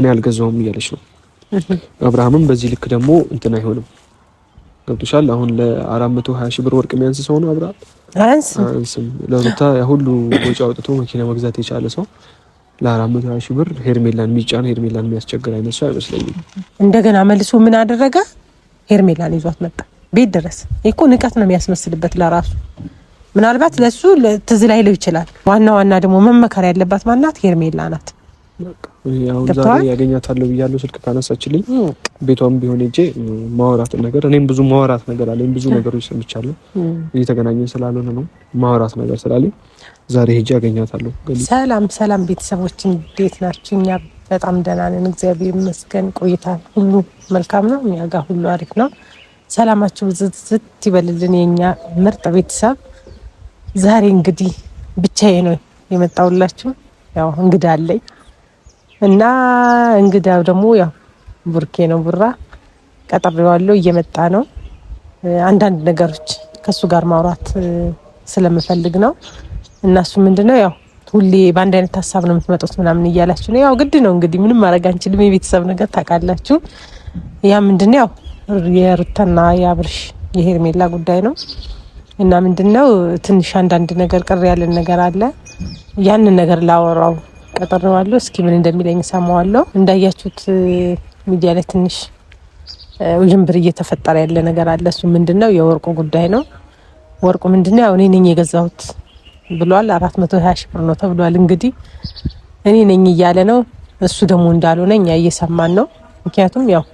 እኔ አልገዛውም እያለች ነው። አብርሃምም በዚህ ልክ ደግሞ እንትን አይሆንም። ገብቶሻል። አሁን ለ420 ሺህ ብር ወርቅ የሚያንስ ሰው ነው አብርሃም አንስም። ለሩታ ሁሉ ወጪ አውጥቶ መኪና መግዛት የቻለ ሰው ለ420 ሺህ ብር ሄርሜላን የሚጫን ሄርሜላን የሚያስቸግር አይነት ሰው አይመስለኝም። እንደገና መልሶ ምን አደረገ? ሄርሜላን ይዟት መጣ ቤት ድረስ። እኮ ንቀት ነው የሚያስመስልበት ለራሱ ምናልባት ለሱ ትዝ ላይለው ይችላል። ዋና ዋና ደግሞ መመከር ያለባት ማናት? ሄርሜላ ናት። ዛሬ ያገኛታለሁ ብያለሁ። ስልክ ካነሳችልኝ ቤቷም ቢሆን ሄጄ ማወራት ነገር እኔም ብዙ ማወራት ነገር አለኝ። ብዙ ነገሮች ሰምቻለሁ። እየተገናኘን ስላልሆነ ነው ማወራት ነገር ስላለኝ ዛሬ ሄጄ ያገኛታለሁ። ሰላም ሰላም፣ ቤተሰቦች እንዴት ናችሁ? እኛ በጣም ደህና ነን፣ እግዚአብሔር ይመስገን። ቆይታ ሁሉ መልካም ነው፣ እኛ ጋር ሁሉ አሪፍ ነው። ሰላማችሁ ዝት ይበልልን የእኛ ምርጥ ቤተሰብ። ዛሬ እንግዲህ ብቻዬ ነው የመጣሁላችሁ። ያው እንግዳ አለኝ እና እንግዳ ደግሞ ያው ቡርኬ ነው። ቡራ ቀጥሬዋለሁ፣ እየመጣ ነው። አንዳንድ ነገሮች ከሱ ጋር ማውራት ስለምፈልግ ነው። እናሱ ምንድነው ያው ሁሌ በአንድ አይነት ሀሳብ ነው የምትመጡት ምናምን እያላችሁ ነው። ያው ግድ ነው እንግዲህ ምንም ማድረግ አንችልም። የቤተሰብ ነገር ታውቃላችሁ። ያ ምንድነው ያው የሩታና የአብርሽ የሄርሜላ ጉዳይ ነው እና ምንድነው ትንሽ አንዳንድ ነገር ቅር ያለን ነገር አለ። ያንን ነገር ላወራው ቀጠረዋለሁ። እስኪ ምን እንደሚለኝ ሰማዋለሁ። እንዳያችሁት ሚዲያ ላይ ትንሽ ውዥንብር እየተፈጠረ ያለ ነገር አለ። እሱ ምንድን ነው? የወርቁ ጉዳይ ነው። ወርቁ ምንድን ነው? ያው እኔ ነኝ የገዛሁት ብሏል። አራት መቶ ሀያ ሺ ብር ነው ተብሏል። እንግዲህ እኔ ነኝ እያለ ነው። እሱ ደግሞ እንዳልሆነ እኛ እየሰማን ነው። ምክንያቱም ያው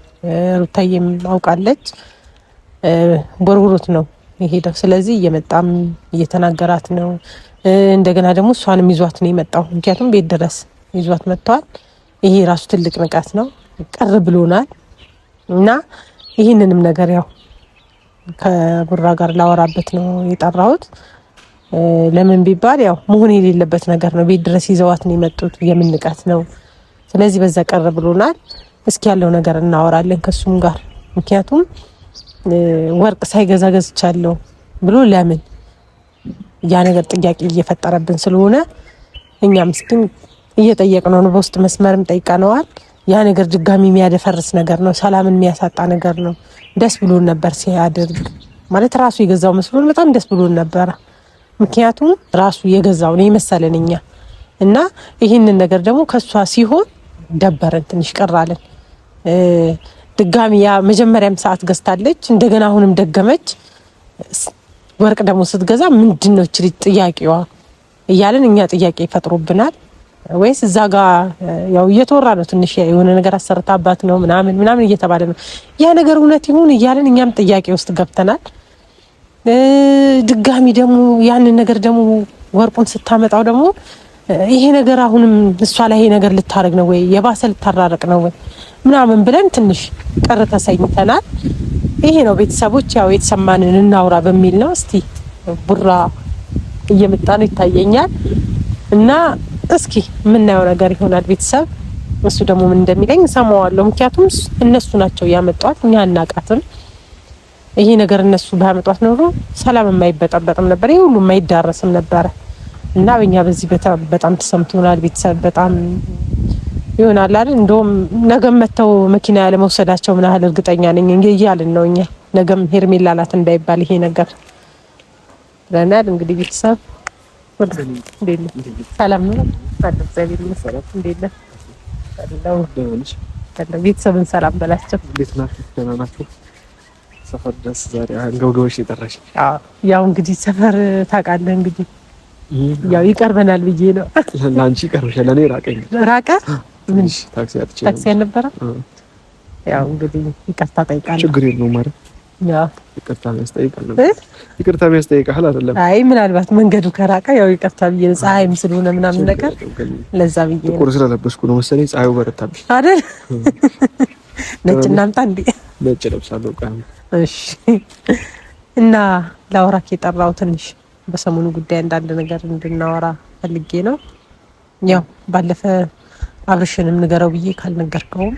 ሩታዬም አውቃለች፣ ቦርቡሮት ነው የሄደው። ስለዚህ እየመጣም እየተናገራት ነው። እንደገና ደግሞ እሷንም ይዟት ነው የመጣው። ምክንያቱም ቤት ድረስ ይዟት መጥተዋል። ይሄ ራሱ ትልቅ ንቀት ነው። ቅር ብሎናል እና ይህንንም ነገር ያው ከቡራ ጋር ላወራበት ነው የጠራሁት። ለምን ቢባል ያው መሆን የሌለበት ነገር ነው። ቤት ድረስ ይዘዋት ነው የመጡት። የምን ንቀት ነው? ስለዚህ በዛ ቅር ብሎናል። እስኪ ያለው ነገር እናወራለን ከሱም ጋር ምክንያቱም ወርቅ ሳይገዛ ገዝቻለሁ ብሎ ለምን ያ ነገር ጥያቄ እየፈጠረብን ስለሆነ እኛ ምስኪን እየጠየቅነው ነው። በውስጥ መስመርም ጠይቀነዋል። ያ ነገር ድጋሚ የሚያደፈርስ ነገር ነው፣ ሰላምን የሚያሳጣ ነገር ነው። ደስ ብሎን ነበር ሲያደርግ ማለት ራሱ የገዛው መስሎን በጣም ደስ ብሎን ነበረ። ምክንያቱም ራሱ የገዛው ነው የመሰለን እኛ እና ይህንን ነገር ደግሞ ከሷ ሲሆን ደበረን፣ ትንሽ ቀራለን። ድጋሚ ያ መጀመሪያም ሰዓት ገዝታለች። እንደገና አሁንም ደገመች። ወርቅ ደግሞ ስትገዛ ምንድን ነው ችል ጥያቄዋ እያለን እኛ ጥያቄ ፈጥሮብናል። ወይስ እዛ ጋ ያው እየተወራ ነው ትንሽ የሆነ ነገር አሰርታባት ነው ምናምን ምናምን እየተባለ ነው። ያ ነገር እውነት ይሁን እያለን እኛም ጥያቄ ውስጥ ገብተናል። ድጋሚ ደግሞ ያንን ነገር ደግሞ ወርቁን ስታመጣው ደግሞ ይሄ ነገር አሁንም እሷ ላይ ይሄ ነገር ልታረግ ነው ወይ የባሰ ልታራርቅ ነው ወይ ምናምን ብለን ትንሽ ቅር ተሰኝተናል። ይሄ ነው ቤተሰቦች፣ ያው የተሰማንን እናውራ በሚል ነው። እስቲ ቡራ እየመጣ ነው ይታየኛል፣ እና እስኪ የምናየው ነገር ይሆናል ቤተሰብ። እሱ ደግሞ ምን እንደሚለኝ እሰማዋለሁ። ምክንያቱም እነሱ ናቸው ያመጧት፣ እኛ አናቃትም። ይሄ ነገር እነሱ ባያመጧት ኖሮ ሰላም የማይበጠበጥም ነበር፣ ይሄ ሁሉ የማይዳረስም ነበረ። እና በእኛ በዚህ በጣም ተሰምቶናል። ቤተሰብ በጣም ይሆናል አይደል? እንደውም ነገም መተው መኪና ያለመውሰዳቸው ምን ያህል እርግጠኛ ነኝ እያልን ነው እኛ ነገም ሄርሜላ ናት እንዳይባል ይሄ ነገር ብለናል። እንግዲህ ቤተሰብ ሰላም ነው ቤተሰብን ሰላም በላቸው። ሰፈር ደስ ዛሬ አንገብገበሽ የጠራሽ ያው እንግዲህ ሰፈር ታውቃለህ እንግዲህ ያው ይቀርበናል ብዬ ነው። ለአንቺ ይቀርብሻል፣ ለእኔ ራቀኝ። ራቀ ምንሽ ታክሲ አጥቼ ታክሲ አልነበረ። ያው እንግዲህ ይቅርታ ጠይቃለሁ። ችግር የለውም ማለት ያው ይቅርታ የሚያስጠይቃል ይቅርታ የሚያስጠይቃል አይደለም። አይ ምናልባት መንገዱ ከራቀ ያው ይቅርታ ብዬ ነው። ፀሐይም ስለሆነ ምናምን ነገር ለዛ ብዬ ነው። ጥቁር ስለለበስኩ ነው መሰለኝ ፀሐዩ በረታብሽ አይደል? ነጭ እናምጣ እንዴ? ነጭ ለብሳለሁ። እሺ። እና ላውራክ የጠራው ትንሽ በሰሞኑ ጉዳይ አንዳንድ ነገር እንድናወራ ፈልጌ ነው። ያው ባለፈ አብርሽንም ንገረው ብዬ ካልነገርከውም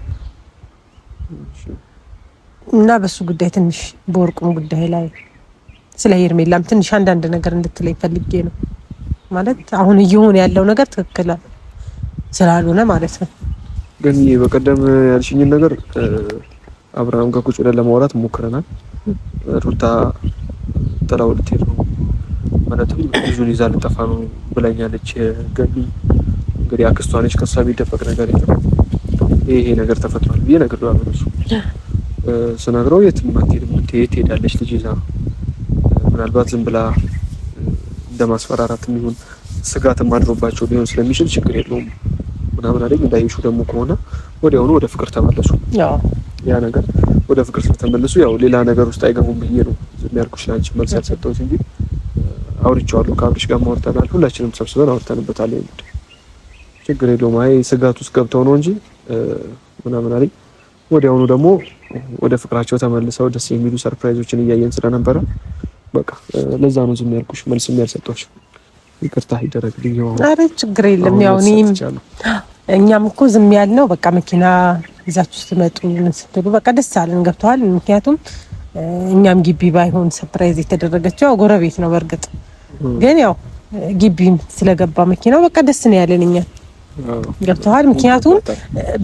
እና በሱ ጉዳይ ትንሽ በወርቁም ጉዳይ ላይ ስለ ሄርሜላም ትንሽ አንዳንድ ነገር እንድትለይ ፈልጌ ነው። ማለት አሁን እየሆነ ያለው ነገር ትክክል ስላልሆነ ማለት ነው። ግን በቀደም ያልሽኝን ነገር አብርሃም ጋር ቁጭ ብለን ለማውራት ሞክረናል። ሩታ ጥላው ልትሄድ ነው ማለትም ልጁን ይዛ ልጠፋ ነው ብላኛለች። ገቢ እንግዲህ አክስቷ ነች። ከሷ የሚደበቅ ነገር የለም። ይሄ ነገር ተፈጥሯል ብዬ ነገር ባመነሱ ስነግረው የትም አትሄድም፣ የት ትሄዳለች ልጅ ይዛ ምናልባት ዝም ብላ እንደማስፈራራት የሚሆን ስጋትም አድሮባቸው ሊሆን ስለሚችል ችግር የለውም ምናምን አለኝ። እንዳይሹ ደግሞ ከሆነ ወዲያውኑ ወደ ፍቅር ተመለሱ። ያ ነገር ወደ ፍቅር ስለተመለሱ ያው ሌላ ነገር ውስጥ አይገቡም ብዬ ነው የሚያርኩሽ ናቸው መልስ ያልሰጠሁት እንጂ አውርቼዋለሁ። ከአብሪሽ ጋር አውርተናል። ሁላችንም ሰብስበን አውርተንበታል። ጉዳይ ችግር የለውም። አይ ስጋት ውስጥ ገብተው ነው እንጂ ምናምን አለኝ። ወዲያውኑ ደግሞ ወደ ፍቅራቸው ተመልሰው ደስ የሚሉ ሰርፕራይዞችን እያየን ስለነበረ በቃ ለዛ ነው ዝም ያልኩሽ፣ መልስ ያልሰጠሽ። ይቅርታ ይደረግልኝ። አረ ችግር የለም። ያው እኔም እኛም እኮ ዝም ያልነው በቃ መኪና ይዛችሁ ስትመጡ ምን ስትሉ በቃ ደስ አለን። ገብተዋል። ምክንያቱም እኛም ግቢ ባይሆን ሰርፕራይዝ የተደረገችው ጎረቤት ነው በእርግጥ ግን ያው ግቢም ስለገባ መኪናው በቃ ደስ ነው ያለን እኛ ገብተዋል። ምክንያቱም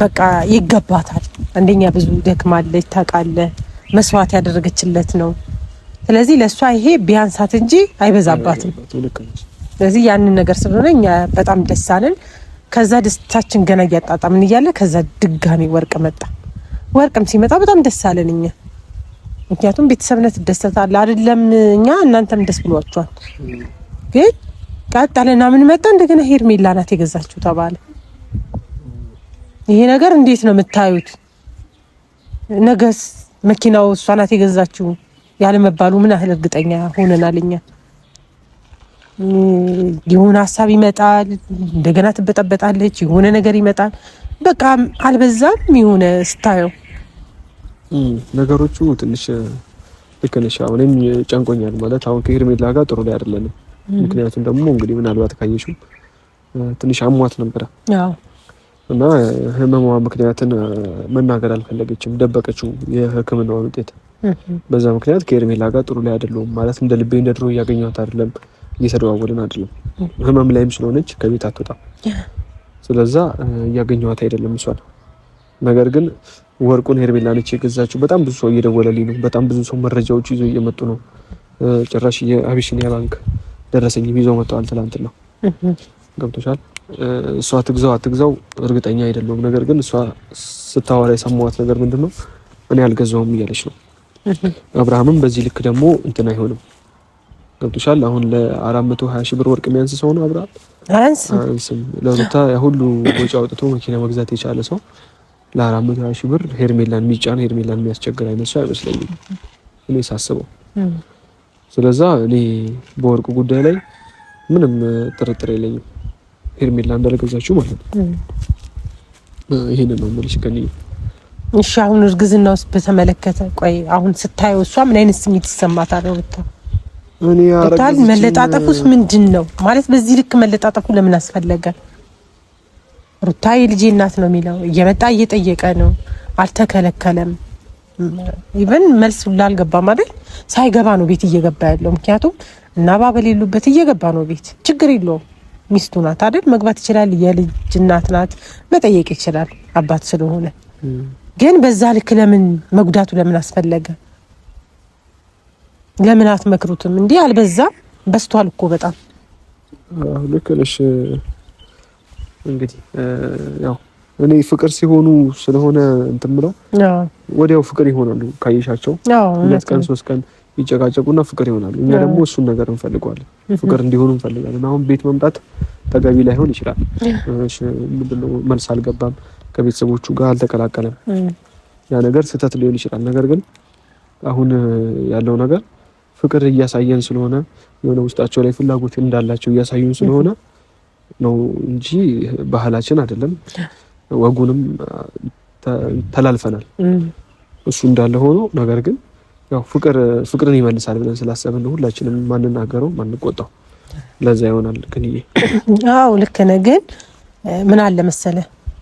በቃ ይገባታል። አንደኛ ብዙ ደክማለች ታውቃለህ፣ መስዋዕት ያደረገችለት ነው። ስለዚህ ለእሷ ይሄ ቢያንሳት እንጂ አይበዛባትም። ስለዚህ ያንን ነገር ስለሆነ እኛ በጣም ደስ አለን። ከዛ ደስታችን ገና እያጣጣምን እያለ ከዛ ድጋሚ ወርቅ መጣ። ወርቅም ሲመጣ በጣም ደስ አለን እኛ ምክንያቱም ቤተሰብነት ትደሰታል አይደለም እኛ እናንተም ደስ ብሏቸዋል። ግን ቀጠለና ምን መጣ እንደገና ሄርሜላ ናት የገዛችው ተባለ። ይሄ ነገር እንዴት ነው የምታዩት? ነገስ መኪናው እሷ ናት የገዛችው ያለመባሉ ምን ያህል እርግጠኛ ሆነናል እኛ? የሆነ ሀሳብ ይመጣል፣ እንደገና ትበጠበጣለች፣ የሆነ ነገር ይመጣል። በቃ አልበዛም የሆነ ስታየው ነገሮቹ ትንሽ ልክ ነሽ። አሁንም ጨንቆኛል ማለት አሁን ከሄርሜላ ጋር ጥሩ ላይ አይደለንም። ምክንያቱም ደግሞ እንግዲህ ምናልባት ካየሽው ትንሽ አሟት ነበረ እና ህመሟ ምክንያትን መናገር አልፈለገችም፣ ደበቀችው የህክምናዋ ውጤት። በዛ ምክንያት ከሄርሜላ ጋር ጥሩ ላይ አይደለሁም ማለት እንደ ልቤ እንደ ድሮ እያገኘኋት አይደለም፣ እየተደዋወልን አይደለም። ህመም ላይም ስለሆነች ከቤት አትወጣም። ስለዛ እያገኘኋት አይደለም እሷን ነገር ግን ወርቁን ሄርሜላ ነች የገዛችው። በጣም ብዙ ሰው እየደወለልኝ ነው። በጣም ብዙ ሰው መረጃዎች ይዞ እየመጡ ነው። ጭራሽ የአቢሲኒያ ባንክ ደረሰኝ ይዞ መጥተዋል። ነው። ገብቶሻል። እሷ ትግዛው አትግዛው እርግጠኛ አይደለሁም። ነገር ግን እሷ ስታወራ የሰማዋት ነገር ምንድን ነው እኔ አልገዛውም እያለች ነው። አብርሃምም በዚህ ልክ ደግሞ እንትን አይሆንም። ገብቶሻል። አሁን ለአራት መቶ ሀያ ሺህ ብር ወርቅ የሚያንስ ሰው ነው አብርሃም። አያንስም ለሁለታ ሁሉ ወጪ አውጥቶ መኪና መግዛት የቻለ ሰው ለአራት መቶ ሀያ ሺህ ብር ሄርሜላን የሚጫን ሄርሜላን የሚያስቸግር አይነት ሰው አይመስለኝም እኔ ሳስበው። ስለዛ እኔ በወርቅ ጉዳይ ላይ ምንም ጥርጥር የለኝም። ሄርሜላ እንዳልገዛችሁ ማለት ነው። ይህን ነው የምልሽ ከኒ እሺ አሁን እርግዝና ውስጥ በተመለከተ ቆይ አሁን ስታየው እሷ ምን አይነት ስሜት ይሰማታል? ወጣ እኔ ያረጋግጥ መለጣጠፉስ ምንድን ነው ማለት በዚህ ልክ መለጣጠፉ ለምን አስፈለገ? ሩታ የልጄ እናት ነው የሚለው እየመጣ እየጠየቀ ነው። አልተከለከለም። ኢቨን መልስ ሁላ አልገባም አይደል? ሳይገባ ነው ቤት እየገባ ያለው። ምክንያቱም እና ባበል የሉበት እየገባ ነው ቤት። ችግር የለውም። ሚስቱ ናት አይደል? መግባት ይችላል። የልጅ እናት ናት፣ መጠየቅ ይችላል አባት ስለሆነ። ግን በዛ ልክ ለምን መጉዳቱ ለምን አስፈለገ? ለምን አትመክሩትም? እንዲህ አልበዛም? በስቷል እኮ በጣም ልክ ነሽ። እንግዲህ ያው እኔ ፍቅር ሲሆኑ ስለሆነ እንትን ብለው ወዲያው ፍቅር ይሆናሉ። ካየሻቸው ሁለት ቀን ሶስት ቀን ይጨቃጨቁና ፍቅር ይሆናሉ። እኛ ደግሞ እሱን ነገር እንፈልገዋለን፣ ፍቅር እንዲሆኑ እንፈልጋለን። አሁን ቤት መምጣት ተገቢ ላይሆን ይችላል። ምንድነው መልስ አልገባም፣ ከቤተሰቦቹ ጋር አልተቀላቀለም። ያ ነገር ስህተት ሊሆን ይችላል። ነገር ግን አሁን ያለው ነገር ፍቅር እያሳየን ስለሆነ የሆነ ውስጣቸው ላይ ፍላጎት እንዳላቸው እያሳዩን ስለሆነ ነው እንጂ ባህላችን አይደለም፣ ወጉንም ተላልፈናል። እሱ እንዳለ ሆኖ ነገር ግን ያው ፍቅር ፍቅርን ይመልሳል ብለን ስላሰብን ሁላችንም ማንናገረው ማንቆጣው ለዛ ይሆናል። ግን አዎ ልክ ነህ። ግን ምን አለ መሰለ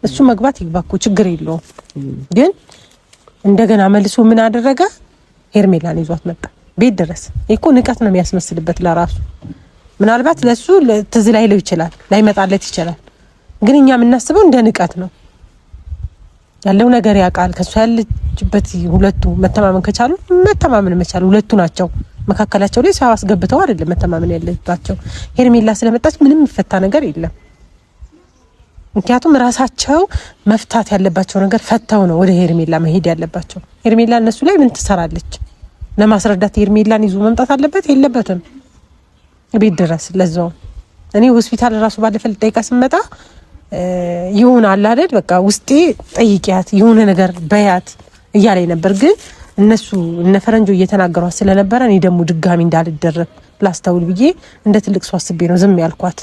እሱ መግባት ይግባኩ ችግር የለውም። ግን እንደገና መልሶ ምን አደረገ? ሄርሜላን ይዟት መጣ ቤት ድረስ። ይሄ እኮ ንቀት ነው የሚያስመስልበት ለራሱ ምናልባት ለሱ ትዝ ላይለው ይችላል፣ ላይመጣለት ይችላል። ግን እኛ የምናስበው እንደ ንቀት ነው። ያለው ነገር ያውቃል። ከሱ ያለችበት ሁለቱ መተማመን ከቻሉ መተማመን መቻል ሁለቱ ናቸው። መካከላቸው ላይ ሰው አስገብተው አይደለም መተማመን ያለባቸው። ሄርሜላ ስለመጣች ምንም የሚፈታ ነገር የለም። ምክንያቱም ራሳቸው መፍታት ያለባቸው ነገር ፈተው ነው ወደ ሄርሜላ መሄድ ያለባቸው። ሄርሜላ እነሱ ላይ ምን ትሰራለች ለማስረዳት ሄርሜላን ይዞ መምጣት አለበት የለበትም? ቤት ድረስ ለዛው እኔ ሆስፒታል ራሱ ባለፈ ልጠይቃ ስመጣ ይሁን አለ አይደል በቃ ውስጤ ጠይቂያት የሆነ ነገር በያት እያለኝ ነበር። ግን እነሱ እነ ፈረንጆ እየተናገሯት ስለነበረ እኔ ደግሞ ድጋሚ እንዳልደረግ ላስተውል ብዬ እንደ ትልቅ ሰው አስቤ ነው ዝም ያልኳት።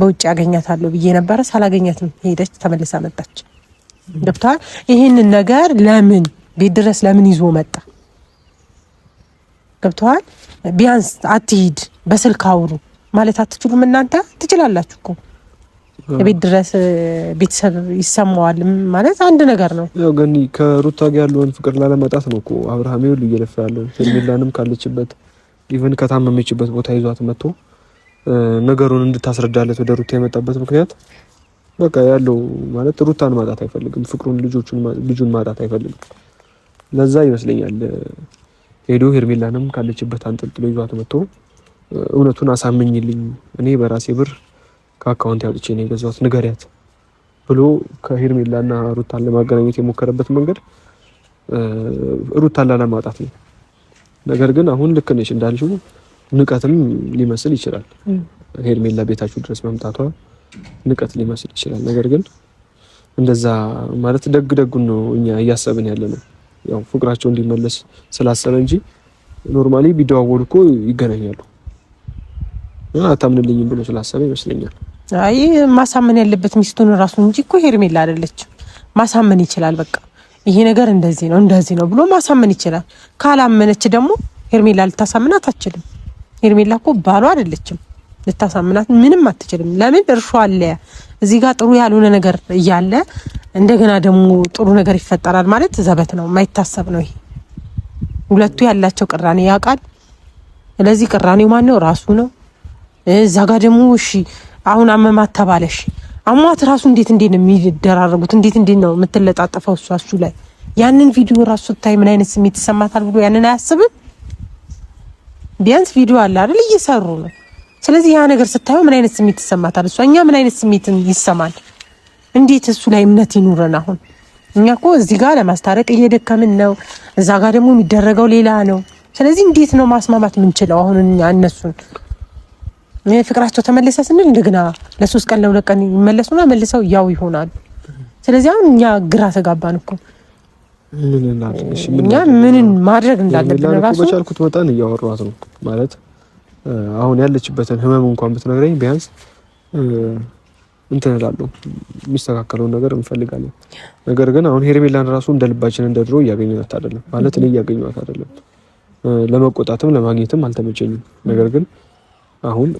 በውጭ አገኛታለሁ ብዬ ነበረ። ሳላገኛትም ሄደች፣ ተመልሳ መጣች። ገብቶሃል? ይህንን ነገር ለምን ቤት ድረስ ለምን ይዞ መጣ? ገብቶሃል? ቢያንስ አትሂድ በስልክ አውሩ ማለት አትችሉም? እናንተ ትችላላችሁ እኮ ቤት ድረስ ቤተሰብ ይሰማዋል ማለት አንድ ነገር ነው። ያው ግን ከሩታ ጋር ያለውን ፍቅር ላለማጣት ነው እኮ አብርሃም ይኸውልህ እየለፈ ያለው ሄርሜላንም ካለችበት ኢቨን ከታመመችበት ቦታ ይዟት መጥቶ ነገሩን እንድታስረዳለት ወደ ሩታ የመጣበት ምክንያት በቃ ያለው ማለት ሩታን ማጣት አይፈልግም፣ ፍቅሩን ልጁን ማጣት አይፈልግም። ለዛ ይመስለኛል ሄዶ ሄርሜላንም ካለችበት አንጠልጥሎ ይዟት መጥቶ እውነቱን አሳምኝልኝ እኔ በራሴ ብር ከአካውንት ያውጥቼ ነው የገዛሁት ንገሪያት ብሎ ከሄርሜላና ሩታን ለማገናኘት የሞከረበት መንገድ ሩታን ላለማጣት ነው። ነገር ግን አሁን ልክ ነች እንዳልሽው ንቀትም ሊመስል ይችላል። ሄርሜላ ቤታችሁ ድረስ መምጣቷ ንቀት ሊመስል ይችላል። ነገር ግን እንደዛ ማለት ደግ ደጉን ነው እኛ እያሰብን ያለ ነው። ያው ፍቅራቸው እንዲመለስ ስላሰበ እንጂ ኖርማሊ ቢደዋወሉ እኮ ይገናኛሉ። አታምንልኝም ብሎ ስላሰበ ይመስለኛል። አይ ማሳመን ያለበት ሚስቱን ራሱ እንጂ እኮ ሄርሜላ አይደለችም። ማሳመን ይችላል። በቃ ይሄ ነገር እንደዚህ ነው እንደዚህ ነው ብሎ ማሳመን ይችላል። ካላመነች ደግሞ ሄርሜላ ልታሳምናት አትችልም። ሄርሜላ እኮ ባሏ አይደለችም። ልታሳምናት ምንም አትችልም። ለምን እርሾ አለ እዚህ ጋር ጥሩ ያልሆነ ነገር እያለ እንደገና ደግሞ ጥሩ ነገር ይፈጠራል ማለት ዘበት ነው፣ የማይታሰብ ነው። ይሄ ሁለቱ ያላቸው ቅራኔ ያውቃል። ስለዚህ ቅራኔው ማን ነው? ራሱ ነው። እዛ ጋ ደግሞ እሺ አሁን አመማት ተባለሽ አሟት ራሱ እንዴት እንዴት ነው የሚደራረጉት? እንዴት እንዴት ነው የምትለጣጠፈው? እሷ እሱ ላይ ያንን ቪዲዮ ራሱ ስታይ ምን አይነት ስሜት ይሰማታል ብሎ ያንን አያስብም። ቢያንስ ቪዲዮ አለ አይደል? እየሰሩ ነው። ስለዚህ ያ ነገር ስታየው ምን አይነት ስሜት ይሰማታል? እሷ እኛ ምን አይነት ስሜት ይሰማል? እንዴት እሱ ላይ እምነት ይኑረን? አሁን እኛ እኮ እዚህ ጋር ለማስታረቅ እየደከምን ነው፣ እዛ ጋር ደግሞ የሚደረገው ሌላ ነው። ስለዚህ እንዴት ነው ማስማማት የምንችለው አሁን እነሱን ፍቅራቸው ተመለሰ ስንል እንደገና ለሶስት ቀን ለሁለት ቀን ይመለሱና መልሰው ያው ይሆናሉ። ስለዚህ አሁን እኛ ግራ ተጋባን እኮ እኛ ምንን ማድረግ እንዳለብን ራሱ በቻልኩት መጠን እያወሯት ነው ማለት አሁን ያለችበትን ህመም እንኳን ብትነግረኝ ቢያንስ እንትን እላለሁ የሚስተካከለውን ነገር እንፈልጋለን። ነገር ግን አሁን ሄርሜላን ራሱ እንደ ልባችን እንደ ድሮ እያገኘናት አይደለም ማለት እኔ እያገኘኋት አይደለም። ለመቆጣትም ለማግኘትም አልተመቸኝም። ነገር ግን አሁን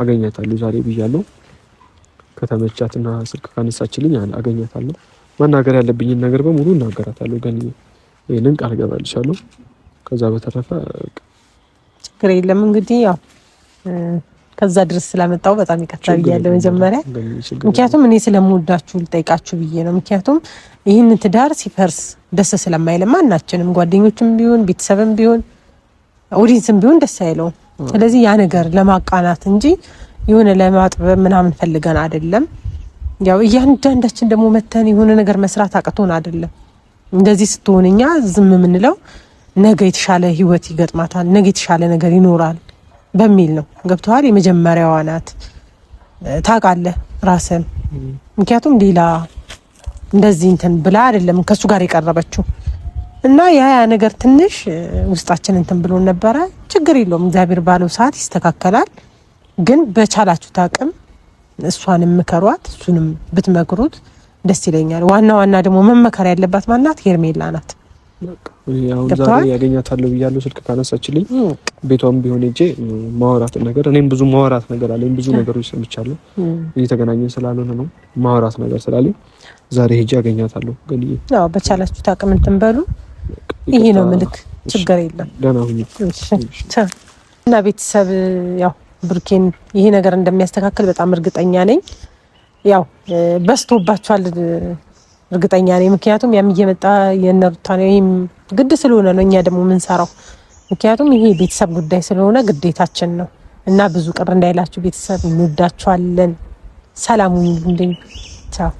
አገኛታለሁ ዛሬ ብያለሁ። ከተመቻትና ስልክ ካነሳችልኝ አገኛታለሁ። መናገር ያለብኝን ነገር በሙሉ እናገራታለሁ። ገን ይህንን ቃል ገባልሻለሁ። ከዛ በተረፈ ችግር የለም። እንግዲህ ያው ከዛ ድረስ ስለመጣው በጣም ይቅርታ ብያለሁ መጀመሪያ። ምክንያቱም እኔ ስለምወዳችሁ ልጠይቃችሁ ብዬ ነው። ምክንያቱም ይህን ትዳር ሲፈርስ ደስ ስለማይለም ማናችንም ጓደኞችም ቢሆን ቤተሰብም ቢሆን ኦዲንስም ቢሆን ደስ አይለውም። ስለዚህ ያ ነገር ለማቃናት እንጂ የሆነ ለማጥበብ ምናምን ፈልገን አይደለም። ያው እያንዳንዳችን ደግሞ መተን የሆነ ነገር መስራት አቅቶን አይደለም። እንደዚህ ስትሆን እኛ ዝም የምንለው ነገ የተሻለ ህይወት ይገጥማታል፣ ነገ የተሻለ ነገር ይኖራል በሚል ነው። ገብተዋል። የመጀመሪያዋ ናት ታውቃለህ ራስን። ምክንያቱም ሌላ እንደዚህ እንትን ብላ አይደለም ከእሱ ጋር የቀረበችው እና ያ ያ ነገር ትንሽ ውስጣችን እንትን ብሎ ነበረ። ችግር የለውም እግዚአብሔር ባለው ሰዓት ይስተካከላል። ግን በቻላችሁት አቅም እሷንም ምከሯት፣ እሱንም ብትመክሩት ደስ ይለኛል። ዋና ዋና ደግሞ መመከር ያለባት ማናት ሄርሜላ ናት። ዛሬ ያገኛታለሁ ብያለሁ። ስልክ ካነሳችልኝ ቤቷም ቢሆን እጄ ማውራት ነገር እኔም ብዙ ማውራት ነገር አለኝ። ብዙ ነገሮች ሰምቻለሁ። እየተገናኘን ስላልሆነ ነው ማውራት ነገር ስላለኝ ዛሬ ሄጄ ያገኛታለሁ። ግን በቻላችሁት አቅም እንትን በሉ ይሄ ነው ምልክ። ችግር የለም እና ቤተሰብ ያው ብሩኬን ይሄ ነገር እንደሚያስተካክል በጣም እርግጠኛ ነኝ። ያው በስቶባቸዋል እርግጠኛ ነኝ። ምክንያቱም ያም እየመጣ የነሩታ ነው። ይህም ግድ ስለሆነ ነው እኛ ደግሞ የምንሰራው። ምክንያቱም ይሄ ቤተሰብ ጉዳይ ስለሆነ ግዴታችን ነው እና ብዙ ቅር እንዳይላችሁ ቤተሰብ እንወዳችኋለን። ሰላሙ ሁሉልኝ። ቻው